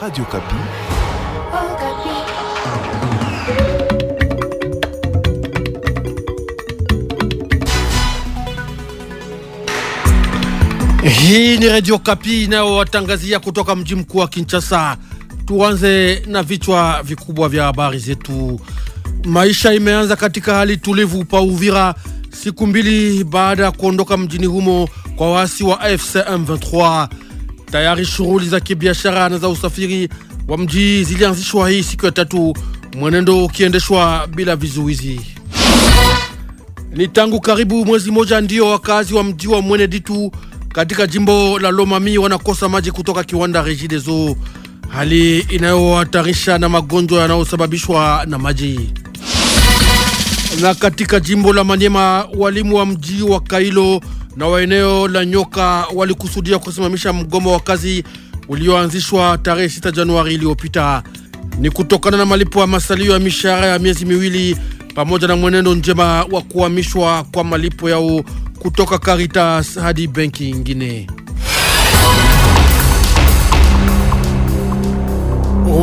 Radio Kapi. Oh, Kapi. Hii ni Radio Kapi inayowatangazia kutoka mji mkuu wa Kinshasa. Tuanze na vichwa vikubwa vya habari zetu. Maisha imeanza katika hali tulivu pa Uvira siku mbili baada ya kuondoka mjini humo kwa waasi wa AFC M23. Tayari shughuli za kibiashara na za usafiri wa mji zilianzishwa hii siku ya tatu, mwenendo ukiendeshwa bila vizuizi. Ni tangu karibu mwezi moja ndio wakazi wa mji wa Mwene Ditu katika jimbo la Lomami wanakosa maji kutoka kiwanda Regideso, hali inayohatarisha na magonjwa yanayosababishwa na maji. Na katika jimbo la Manyema, walimu wa mji wa Kailo na wa eneo la Nyoka walikusudia kusimamisha mgomo wa kazi ulioanzishwa tarehe 6 Januari iliyopita. Ni kutokana na malipo ya masalio ya mishahara ya miezi miwili pamoja na mwenendo njema wa kuhamishwa kwa malipo yao kutoka Caritas hadi benki nyingine.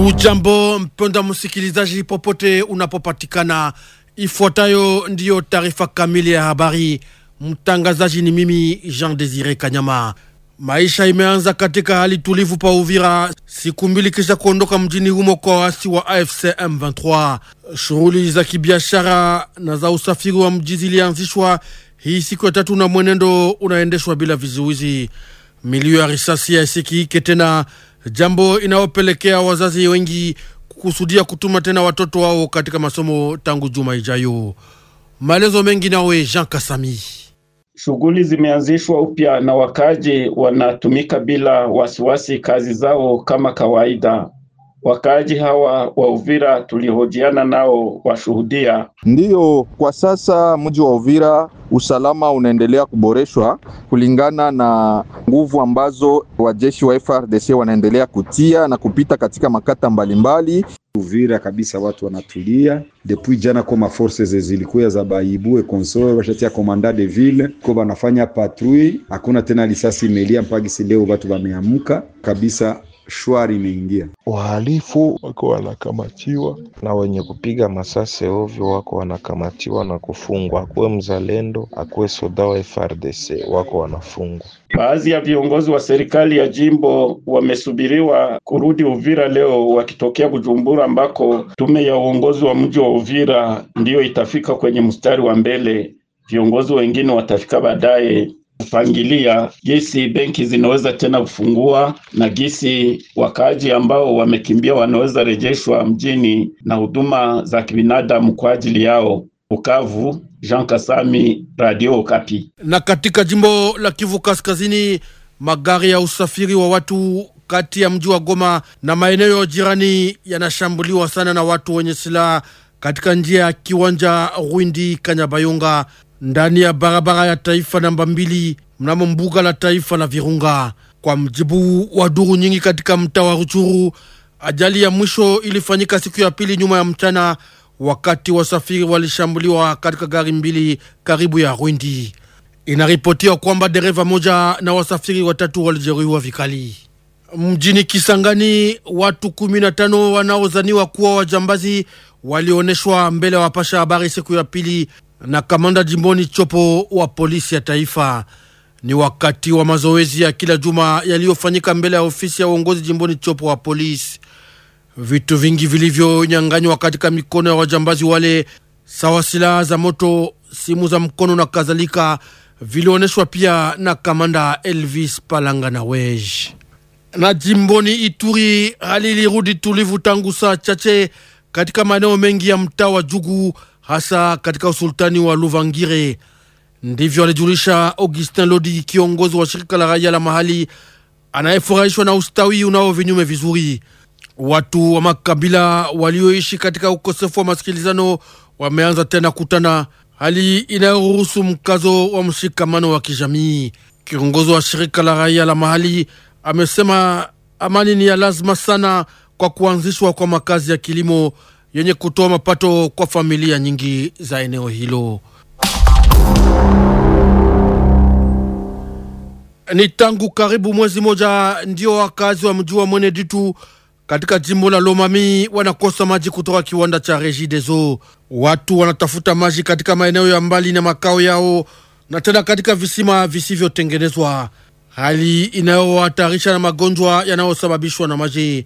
Ujambo mpenda msikilizaji, popote unapopatikana, ifuatayo ndiyo taarifa kamili ya habari. Mtangazaji ni mimi Jean Desire Kanyama. Maisha imeanza katika hali tulivu pa Uvira siku mbili kisha kuondoka mjini humo kwa waasi wa AFC M23. Shughuli za kibiashara na za usafiri wa mji zilianzishwa hii siku ya tatu, na mwenendo unaendeshwa bila vizuizi. Milio ya risasi haisikike tena, jambo inayopelekea wazazi wengi kukusudia kutuma tena watoto wao katika masomo tangu juma ijayo. Maelezo mengi nawe Jean Kasami. Shughuli zimeanzishwa upya na wakaaji wanatumika bila wasiwasi kazi zao kama kawaida wakaaji hawa wa Uvira tulihojiana nao washuhudia. Ndiyo, kwa sasa mji wa Uvira usalama unaendelea kuboreshwa kulingana na nguvu ambazo wajeshi wa FRDC wanaendelea kutia na kupita katika makata mbalimbali. Uvira kabisa watu wanatulia depuis jana, koma forces zilikuwa za baibu e console washatia komanda de ville ko banafanya patrui, hakuna tena lisasi imelia mpagisi. Leo watu wameamka kabisa shwari imeingia. Wahalifu wako wanakamatiwa na wenye kupiga masase ovyo wako wanakamatiwa na kufungwa. Akuwe mzalendo, akuwe soda wa FRDC wako wanafungwa. Baadhi ya viongozi wa serikali ya jimbo wamesubiriwa kurudi Uvira leo wakitokea Bujumbura, ambako tume ya uongozi wa mji wa Uvira ndiyo itafika kwenye mstari wa mbele. Viongozi wengine watafika baadaye pangilia jinsi benki zinaweza tena kufungua na jinsi wakaaji ambao wamekimbia wanaweza rejeshwa mjini na huduma za kibinadamu kwa ajili yao. Bukavu, Jean Kasami, Radio Okapi. Na katika jimbo la Kivu Kaskazini, magari ya usafiri wa watu kati ya mji wa Goma na maeneo jirani yanashambuliwa sana na watu wenye silaha katika njia ya kiwanja Rwindi Kanyabayonga ndani ya barabara ya taifa namba mbili mnamo mbuga la taifa la Virunga. Kwa mjibu wa duru nyingi katika mtaa wa Ruchuru, ajali ya mwisho ilifanyika siku ya pili nyuma ya mchana, wakati wasafiri walishambuliwa katika gari mbili karibu ya Rwindi. Inaripotiwa kwamba dereva moja na wasafiri watatu walijeruhiwa vikali. Mjini Kisangani, watu kumi na tano wanaozaniwa kuwa wajambazi walioneshwa mbele ya wapasha habari siku ya pili na kamanda jimboni Chopo wa polisi ya taifa. Ni wakati wa mazoezi ya kila juma yaliyofanyika mbele ya ofisi ya uongozi jimboni Chopo wa polisi. Vitu vingi vilivyonyanganywa katika mikono ya wajambazi wale, sawa silaha za moto, simu za mkono na kadhalika, vilionyeshwa pia na kamanda Elvis Palanga na Wej. Na jimboni Ituri hali ilirudi tulivu tangu saa chache katika maeneo mengi ya mtaa wa Jugu hasa katika usultani wa Luvangire. Ndivyo alijulisha Augustin Lodi, kiongozi wa shirika la raia la mahali anayefurahishwa na ustawi unao vinyume vizuri. Watu wa makabila walioishi katika ukosefu wa masikilizano wameanza tena kutana, hali inayoruhusu mkazo wa mshikamano wa kijamii. Kiongozi wa shirika la raia la mahali amesema amani ni ya lazima sana kwa kuanzishwa kwa makazi ya kilimo yenye kutoa mapato kwa familia nyingi za eneo hilo. Ni tangu karibu mwezi moja ndio wakazi wa mji wa ditu katika jimbo la Lomami wanakosa maji kutoka kiwanda cha Regideso. Watu wanatafuta maji katika maeneo ya mbali na makao yao na tena katika visima visivyotengenezwa, hali inayowahatarisha na magonjwa yanayosababishwa na maji.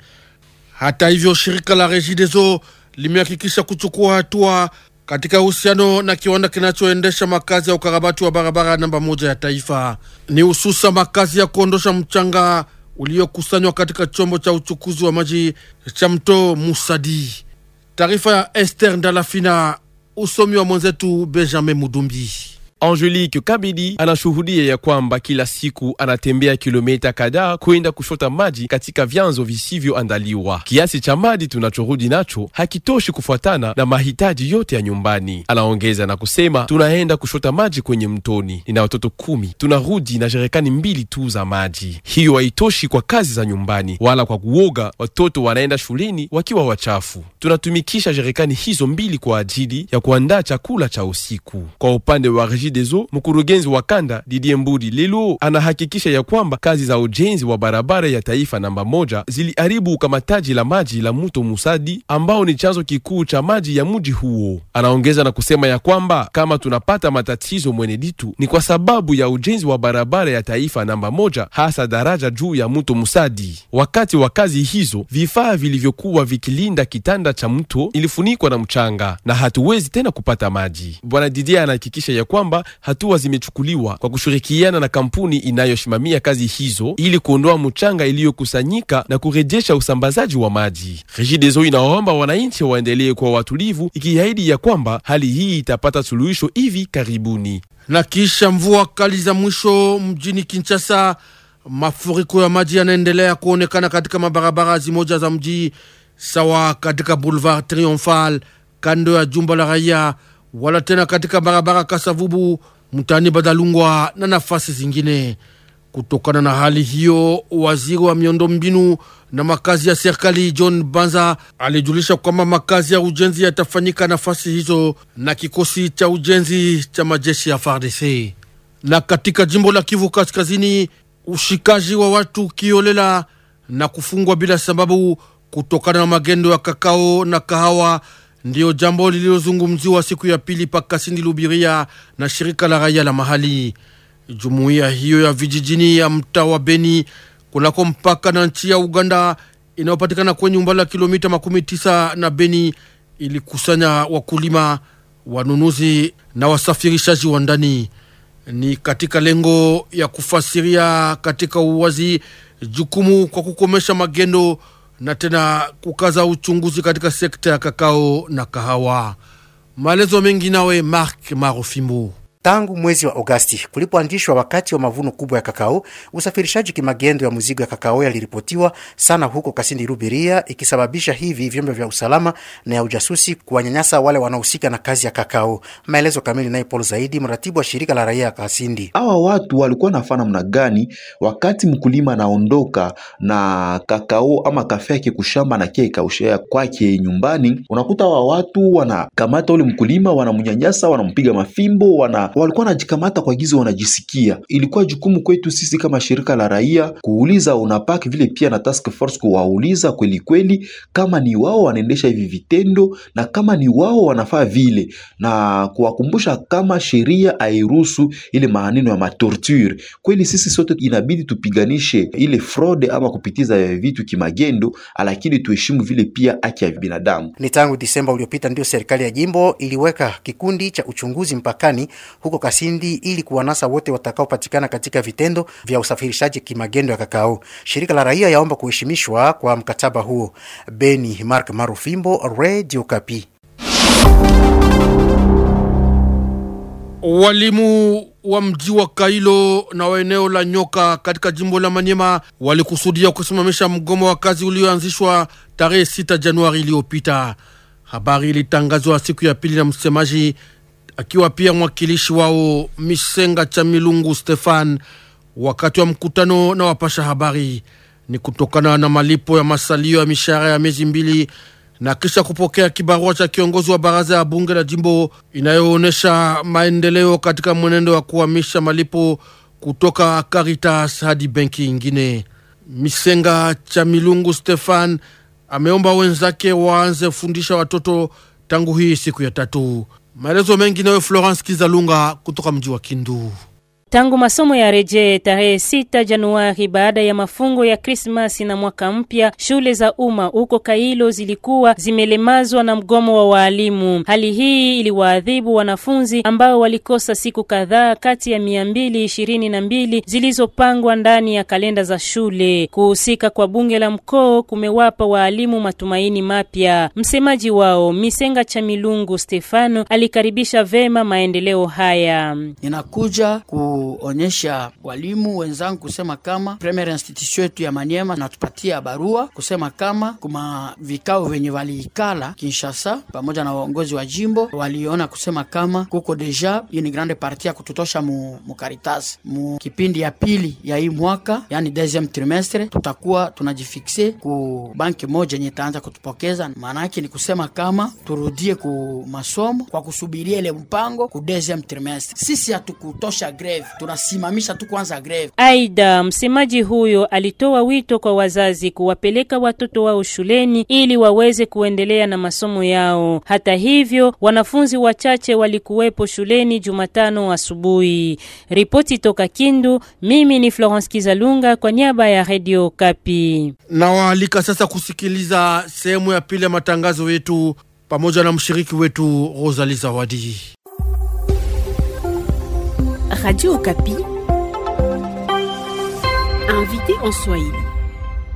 Hata hivyo, shirika la Regideso limehakikisha kuchukua hatua katika uhusiano na kiwanda kinachoendesha makazi ya ukarabati wa barabara namba moja ya taifa. Ni hususa makazi ya kuondosha mchanga uliokusanywa katika chombo cha uchukuzi wa maji cha mto Musadi. Taarifa ya Esther Ndalafina, usomi wa mwenzetu Benjamin Mudumbi. Angelique Kabidi anashuhudia ya kwamba kila siku anatembea kilomita kadhaa kwenda kushota maji katika vyanzo visivyoandaliwa. Kiasi cha maji tunachorudi nacho hakitoshi kufuatana na mahitaji yote ya nyumbani. Anaongeza na kusema, tunaenda kushota maji kwenye mtoni, nina watoto kumi, tunarudi na jerikani mbili tu za maji. Hiyo haitoshi kwa kazi za nyumbani wala kwa kuoga. Watoto wanaenda shuleni wakiwa wachafu. Tunatumikisha jerikani hizo mbili kwa ajili ya kuandaa chakula cha usiku. Kwa upande wa Redezo, mkurugenzi wa kanda Didie Mbudi lelo anahakikisha ya kwamba kazi za ujenzi wa barabara ya taifa namba moja ziliharibu ukamataji la maji la mto Musadi ambao ni chanzo kikuu cha maji ya mji huo. Anaongeza na kusema ya kwamba kama tunapata matatizo mweneditu ni kwa sababu ya ujenzi wa barabara ya taifa namba moja, hasa daraja juu ya mto Musadi. Wakati wa kazi hizo, vifaa vilivyokuwa vikilinda kitanda cha mto ilifunikwa na mchanga na hatuwezi tena kupata maji. Bwana Didier anahakikisha ya kwamba kwamba hatua zimechukuliwa kwa kushirikiana na kampuni inayosimamia kazi hizo ili kuondoa mchanga iliyokusanyika na kurejesha usambazaji wa maji. Regideso inaomba wananchi waendelee kuwa watulivu, ikiahidi ya kwamba hali hii itapata suluhisho hivi karibuni. Na kisha mvua kali za mwisho mjini Kinshasa, mafuriko ya maji yanaendelea kuonekana katika mabarabara zimoja za mji sawa katika Boulevard Triomphal kando ya jumba la raia wala tena katika barabara Kasavubu mtaani Badalungwa na nafasi zingine. Kutokana na hali hiyo, waziri wa mbinu na makazi ya serikali John Banza alijulisha kwamba makazi ya ujenzi yatafanyika nafasi hizo na kikosi cha ujenzi cha majeshi ya FARDC. Na katika jimbo la Kivu Kaskazini, ushikaji wa watu kiolela na kufungwa bila sababu kutokana na magendo ya kakao na kahawa ndiyo jambo lililozungumziwa siku ya pili pa Kasindi Lubiria na shirika la raia la mahali. Jumuiya hiyo ya vijijini ya mtaa wa Beni kunako mpaka na nchi ya Uganda inayopatikana kwenye umbali wa kilomita makumi tisa na Beni ilikusanya wakulima, wanunuzi na wasafirishaji wa ndani. Ni katika lengo ya kufasiria katika uwazi jukumu kwa kukomesha magendo na tena kukaza uchunguzi katika sekta ya kakao na kahawa. Maelezo mengi nawe Mark Marofimbo. Tangu mwezi wa Agosti kulipoandishwa wakati wa mavuno kubwa ya kakao, usafirishaji kimagendo ya muzigo ya kakao yaliripotiwa sana huko Kasindi Rubiria, ikisababisha hivi vyombo vya usalama na ya ujasusi kuwanyanyasa wale wanaohusika na kazi ya kakao. Maelezo kamili naye Paul Zaidi, mratibu wa shirika la raia ya Kasindi. Hawa watu walikuwa nafaa namna gani wakati mkulima anaondoka na kakao ama kafe yake kushamba na kie kaushea kwake nyumbani? Unakuta hawa watu wanakamata ule mkulima, wanamnyanyasa, wanampiga mafimbo, wana walikuwa wanajikamata kwa gizi wanajisikia. Ilikuwa jukumu kwetu sisi kama shirika la raia kuuliza unapak vile pia na task force kuwauliza kweli kweli, kama ni wao wanaendesha hivi vitendo na kama ni wao wanafaa vile, na kuwakumbusha kama sheria hairuhusu ile maneno ya matorture. Kweli sisi sote inabidi tupiganishe ile fraude ama kupitiza vitu kimagendo, lakini tuheshimu vile pia haki ya binadamu. Ni tangu Disemba uliopita ndio serikali ya jimbo iliweka kikundi cha uchunguzi mpakani huko Kasindi ili kuwanasa wote watakaopatikana katika vitendo vya usafirishaji kimagendo ya kakao. Shirika la raia yaomba kuheshimishwa kwa mkataba huo. Beni Mark Marufimbo, Radio Kapi. Walimu wa mji wa Kailo na wa eneo la Nyoka katika jimbo la Manyema walikusudia kusimamisha mgomo wa kazi ulioanzishwa tarehe 6 Januari iliyopita. Habari ilitangazwa siku ya pili na msemaji akiwa pia mwakilishi wao Misenga cha Milungu Stefan wakati wa mkutano na wapasha habari. Ni kutokana na malipo ya masalio ya mishahara ya miezi mbili na kisha kupokea kibarua cha kiongozi wa baraza ya bunge la jimbo inayoonyesha maendeleo katika mwenendo wa kuhamisha malipo kutoka Caritas hadi benki ingine. Misenga cha Milungu Stefan ameomba wenzake waanze kufundisha watoto tangu hii siku ya tatu. Maelezo mengi nayo Florence Kizalunga kutoka mji wa Kindu. Tangu masomo ya rejee tarehe 6 Januari, baada ya mafungo ya Krismasi na mwaka mpya, shule za umma huko Kailo zilikuwa zimelemazwa na mgomo wa waalimu. Hali hii iliwaadhibu wanafunzi ambao walikosa siku kadhaa kati ya mia mbili ishirini na mbili zilizopangwa ndani ya kalenda za shule. Kuhusika kwa bunge la mkoo kumewapa waalimu matumaini mapya. Msemaji wao Misenga cha Milungu Stefano alikaribisha vema maendeleo haya. Ninakuja ku kuonyesha walimu wenzangu kusema kama premier institution yetu ya Maniema natupatia barua kusema kama kuma vikao venye valiikala Kinshasa pamoja na waongozi wa jimbo waliona kusema kama kuko deja hii ni grande partie ya kututosha mu, mu Caritas mu kipindi ya pili ya hii mwaka, yani deuxième trimestre, tutakuwa tunajifixe ku banki moja yenye itaanza kutupokeza. Maanake ni kusema kama turudie ku masomo kwa kusubiria ile mpango ku deuxième trimestre. Sisi hatukutosha greve greve, tunasimamisha tu kwanza greve. Aida, msemaji huyo alitoa wito kwa wazazi kuwapeleka watoto wao shuleni ili waweze kuendelea na masomo yao. Hata hivyo, wanafunzi wachache walikuwepo shuleni Jumatano asubuhi. Ripoti toka Kindu, mimi ni Florence Kizalunga kwa niaba ya Radio Kapi. Nawaalika sasa kusikiliza sehemu ya pili ya matangazo yetu pamoja na mshiriki wetu Rosalie Zawadi. Radio Okapi, invité en Swahili.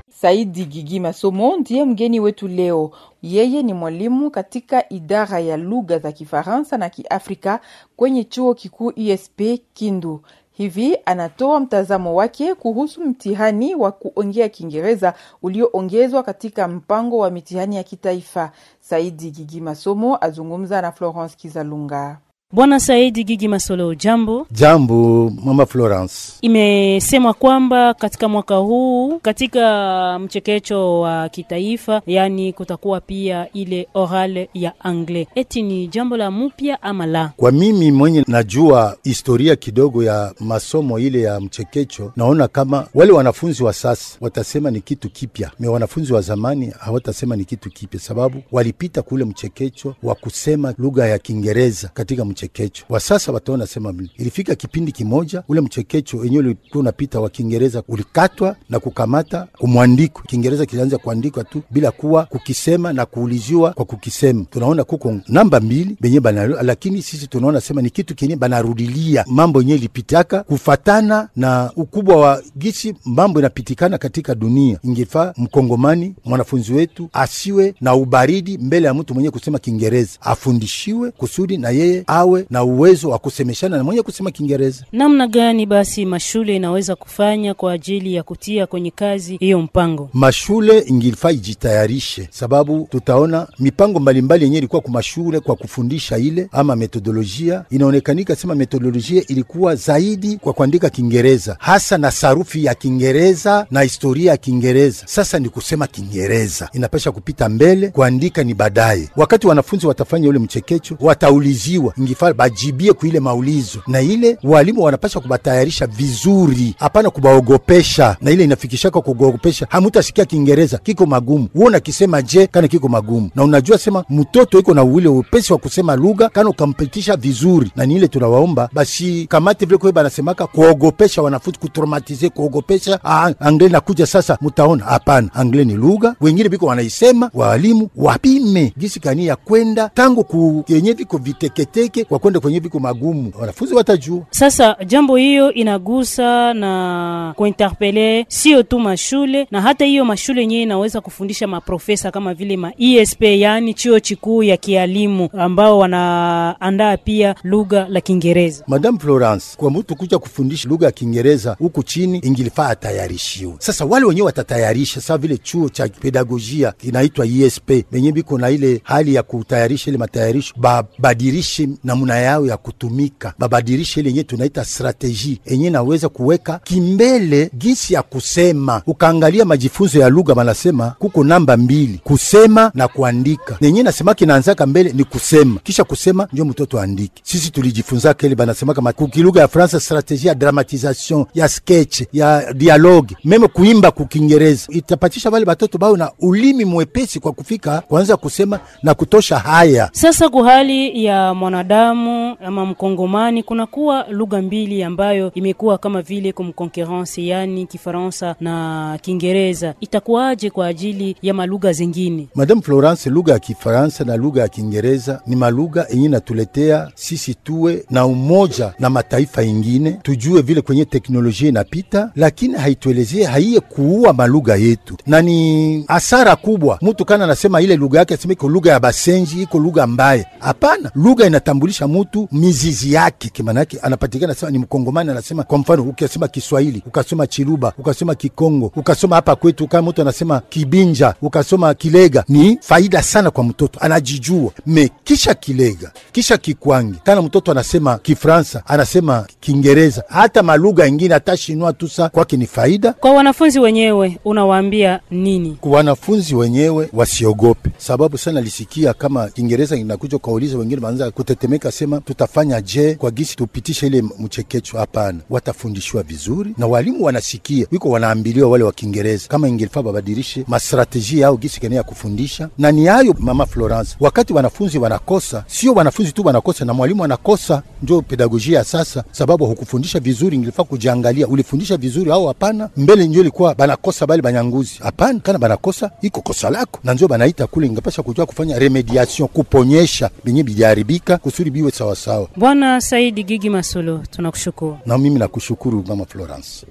Saidi Gigi Masomo ndiye mgeni wetu leo. Yeye ni mwalimu katika idara ya lugha za Kifaransa na Kiafrika kwenye chuo kikuu USP Kindu. Hivi anatoa mtazamo wake kuhusu mtihani wa kuongea Kiingereza ulioongezwa katika mpango wa mitihani ya kitaifa. Saidi Gigi Masomo azungumza na Florence Kizalunga. Bwana Saidi Gigi Masolo, jambo. Jambo mama Florence. Imesemwa kwamba katika mwaka huu katika mchekecho wa kitaifa, yani kutakuwa pia ile oral ya anglais. Eti ni jambo la mupya ama la? Kwa mimi mwenye najua historia kidogo ya masomo ile ya mchekecho, naona kama wale wanafunzi wa sasa watasema ni kitu kipya, me wanafunzi wa zamani hawatasema ni kitu kipya, sababu walipita kule mchekecho wa kusema lugha ya Kiingereza katika mchekecho mchekecho wa sasa. Wataona nasema ilifika kipindi kimoja ule mchekecho wenyewe ulikuwa unapita wa Kiingereza ulikatwa na kukamata kumwandikwa Kiingereza kilianza kuandikwa tu bila kuwa kukisema na kuuliziwa kwa kukisema. Tunaona kuko namba mbili benye bana, lakini sisi tunaona sema ni kitu kenye banarudilia mambo yenyewe ilipitaka kufatana na ukubwa wa gisi mambo inapitikana katika dunia. Ingefaa mkongomani mwanafunzi wetu asiwe na ubaridi mbele ya mtu mwenyewe kusema Kiingereza, afundishiwe kusudi na yeye au awe na uwezo wa kusemeshana na mwenye kusema Kiingereza. Namna gani basi mashule inaweza kufanya kwa ajili ya kutia kwenye kazi hiyo mpango? Mashule ingilifaa ijitayarishe, sababu tutaona mipango mbalimbali yenye ilikuwa ku mashule kwa kufundisha ile ama metodolojia, inaonekanika sema metodolojia ilikuwa zaidi kwa kuandika Kiingereza hasa na sarufi ya Kiingereza na historia ya Kiingereza. Sasa ni kusema Kiingereza inapasha kupita mbele, kuandika ni baadaye. Wakati wanafunzi watafanya ule mchekecho watauliziwa ingi taifa bajibie kuile maulizo, na ile walimu wanapasha kubatayarisha vizuri, hapana kubaogopesha, na ile inafikishaka kuogopesha. Hamutasikia Kiingereza kiko magumu, wewe unakisema je kana kiko magumu, na unajua sema mtoto iko na uwile upesi wa kusema lugha kana ukampitisha vizuri, na ni ile tunawaomba basi kamati vile kwa banasemaka kuogopesha wanafunzi kutraumatize, kuogopesha ah, angle na kuja sasa, mutaona hapana, angle ni lugha wengine biko wanaisema, walimu wapime gisi kani ya kwenda tangu ku viko viteketeke wakwenda kwenye viko magumu, wanafunzi watajua. Sasa jambo hiyo inagusa na kuinterpele sio tu mashule na hata hiyo mashule yenyewe inaweza kufundisha maprofesa kama vile ma ESP, yani chuo kikuu ya kialimu ambao wanaandaa pia lugha la Kiingereza. Madam Florence, kwa mtu kuja kufundisha lugha ya Kiingereza huku chini ingilifaa atayarishiwe. Sasa wale wenyewe watatayarisha sawa vile chuo cha pedagojia kinaitwa ESP, wenyewe biko na ile hali ya kutayarisha ile matayarisho babadirishe na namna yao ya kutumika, babadirishe ile yenye tunaita strateji enye naweza kuweka kimbele gisi ya kusema. Ukaangalia majifunzo ya lugha, manasema kuko namba mbili, kusema na kuandika. Nenye nasema kinaanzaka mbele ni kusema, kisha kusema ndio mtoto aandike. Sisi tulijifunza kele, banasema kama kukilugha ya Fransa strateji ya dramatization ya sketch ya dialogue, meme kuimba kukiingereza, itapatisha wale batoto bao na ulimi mwepesi kwa kufika kwanza kusema na kutosha. Haya sasa kuhali ya mwanadamu Muislamu ama Mkongomani, kunakuwa lugha mbili ambayo imekuwa kama vile kumkonkerance, yani Kifaransa na Kiingereza. Itakuwaje kwa ajili ya malugha zingine? Madame Florence, lugha ya Kifaransa na lugha ya Kiingereza ni malugha yenye natuletea sisi tuwe na umoja na mataifa ingine, tujue vile kwenye teknolojia inapita, lakini haituelezee haiye kuua malugha yetu, na ni hasara kubwa. Mtu kana anasema ile lugha yake asema iko lugha ya Basenji, iko lugha mbaya. Hapana, lugha inatambulia kutambulisha mtu mizizi yake, kimaana yake anapatikana sema ni Mkongomani. Anasema kwa mfano, ukasema Kiswahili ukasoma Chiluba ukasoma Kikongo ukasoma hapa kwetu, kama mtu anasema Kibinja ukasoma Kilega, ni faida sana kwa mtoto, anajijua me kisha Kilega kisha Kikwangi tana, mtoto anasema Kifransa anasema Kiingereza hata malugha ingine hata Shinua tusa kwake ni faida. Kwa wanafunzi wenyewe unawaambia nini? Kwa wanafunzi wenyewe wasiogope, sababu sana lisikia kama Kiingereza inakuja ukauliza wengine wanaanza kutetemeka kasema tutafanya je kwa gisi tupitishe ile mchekecho? Hapana, watafundishwa vizuri na walimu wanasikia, wiko wanaambiliwa wale wa Kiingereza kama ingelifaa babadilishe mastrateji yao gisi kene ya kufundisha. Na ni hayo mama Florence, wakati wanafunzi wanakosa, sio wanafunzi tu wanakosa, na mwalimu anakosa, njo pedagojia ya sasa, sababu hukufundisha vizuri. Ingelifaa kujiangalia ulifundisha vizuri au hapana. Mbele ndio ilikuwa banakosa bali banyanguzi, hapana, kana banakosa iko kosa lako, na ndio banaita kule, ingepasha kujua kufanya remediation, kuponyesha binye bijaribika kusudi viwe sawasawa. Bwana Saidi Gigi Masolo, tunakushukuru. Na mimi nakushukuru mama Florence.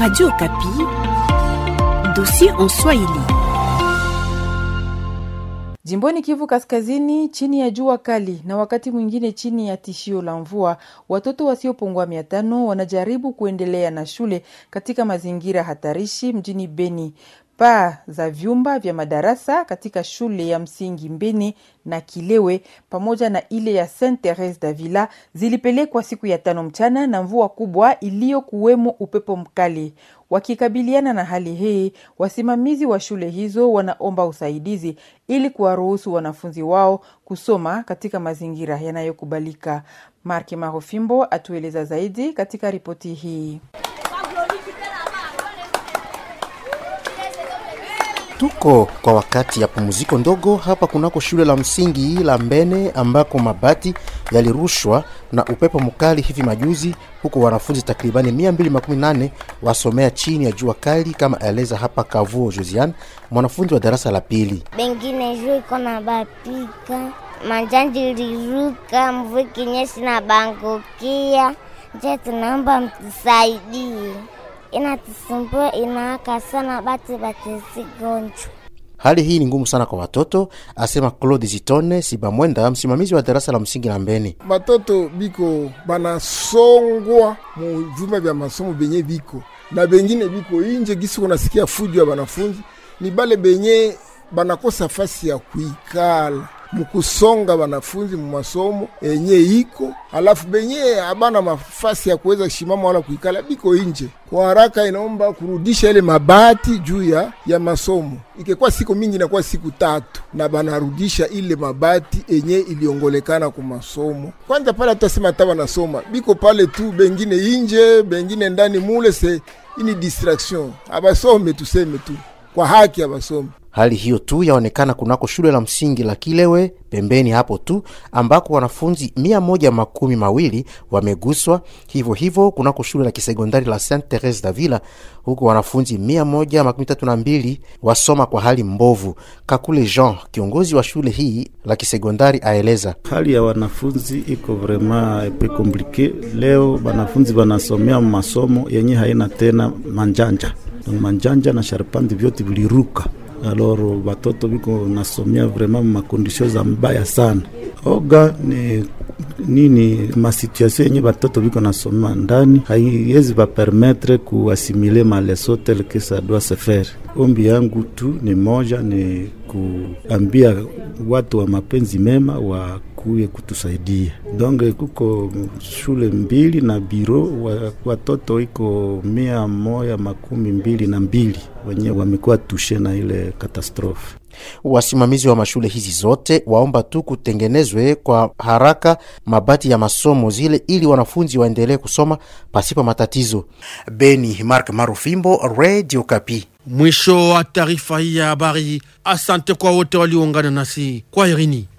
Radio Kapi, dossier en Swahili. Jimboni Kivu Kaskazini, chini ya jua kali na wakati mwingine chini ya tishio la mvua, watoto wasiopungua mia tano wanajaribu kuendelea na shule katika mazingira hatarishi mjini Beni paa za vyumba vya madarasa katika shule ya msingi Mbeni na Kilewe pamoja na ile ya Saint Therese Davila zilipelekwa siku ya tano mchana na mvua kubwa iliyokuwemo upepo mkali. Wakikabiliana na hali hii, wasimamizi wa shule hizo wanaomba usaidizi ili kuwaruhusu wanafunzi wao kusoma katika mazingira yanayokubalika. Mark Marofimbo atueleza zaidi katika ripoti hii. Tuko kwa wakati ya pumziko ndogo hapa kunako shule la msingi la Mbene ambako mabati yalirushwa na upepo mkali hivi majuzi, huko wanafunzi takribani 218 wasomea chini ya jua kali, kama eleza hapa Kavuo Josiane, mwanafunzi wa darasa la pili. Bengine juu iko na bapika manjani liruka, mvua na bangokia. Je, tunaomba mtusaidie inatusumbua, inaaka sana bati batizigonjwa. Hali hii ni ngumu sana kwa watoto, asema Claude Zitone Sibamwenda, msimamizi wa darasa la msingi la Mbeni. Batoto biko banasongwa mu vyumba vya masomo benye biko na bengine biko inje, gisi kunasikia fujo ya banafunzi ni bale benye banakosa fasi ya kuikala mukusonga wanafunzi mumasomo enye iko alafu benye abana mafasi ya kuweza kushimama wala kuikala biko inje kwa haraka, inaomba kurudisha ile mabati juu ya ya masomo. Ikikuwa siku mingi inakuwa siku tatu, na banarudisha ile mabati enye iliongolekana ku masomo. Kwanza pale tutasema hata wanasoma biko pale tu, bengine inje, bengine ndani mule, se ini distraction abasome, tuseme tu kwa haki abasome Hali hiyo tu yaonekana kunako shule la msingi la Kilewe pembeni hapo tu ambako wanafunzi mia moja makumi mawili wameguswa. Hivyo hivyo kunako shule la kisekondari la Saint Therese Davila huko wanafunzi mia moja makumi tatu na mbili wasoma kwa hali mbovu. Kakule Jean, kiongozi wa shule hii la kisekondari, aeleza hali ya wanafunzi iko vrema epe komplike. Leo wanafunzi wanasomea masomo yenye haina tena manjanja manjanja na sharpandi vyote viliruka aloro watoto biko nasomia vraiment makondisio za mbaya sana. Oga ni nini masituasio yenye watoto biko nasomia ndani haiwezi vapermetre kuasimile maleso tel que ça doit se faire. Ombi yangu tu ni moja, ni kuambia watu wa mapenzi mema wa wakuye kutusaidia donge, kuko shule mbili na biro watoto iko mia moya makumi mbili na mbili wenyewe wamekuwa tushe na ile katastrofe. Wasimamizi wa mashule hizi zote waomba tu kutengenezwe kwa haraka mabati ya masomo zile, ili wanafunzi waendelee kusoma pasipo matatizo. Beni Mark Marufimbo, Radio Kapi. Mwisho wa taarifa hii ya habari. Asante kwa wote walioungana nasi kwa irini.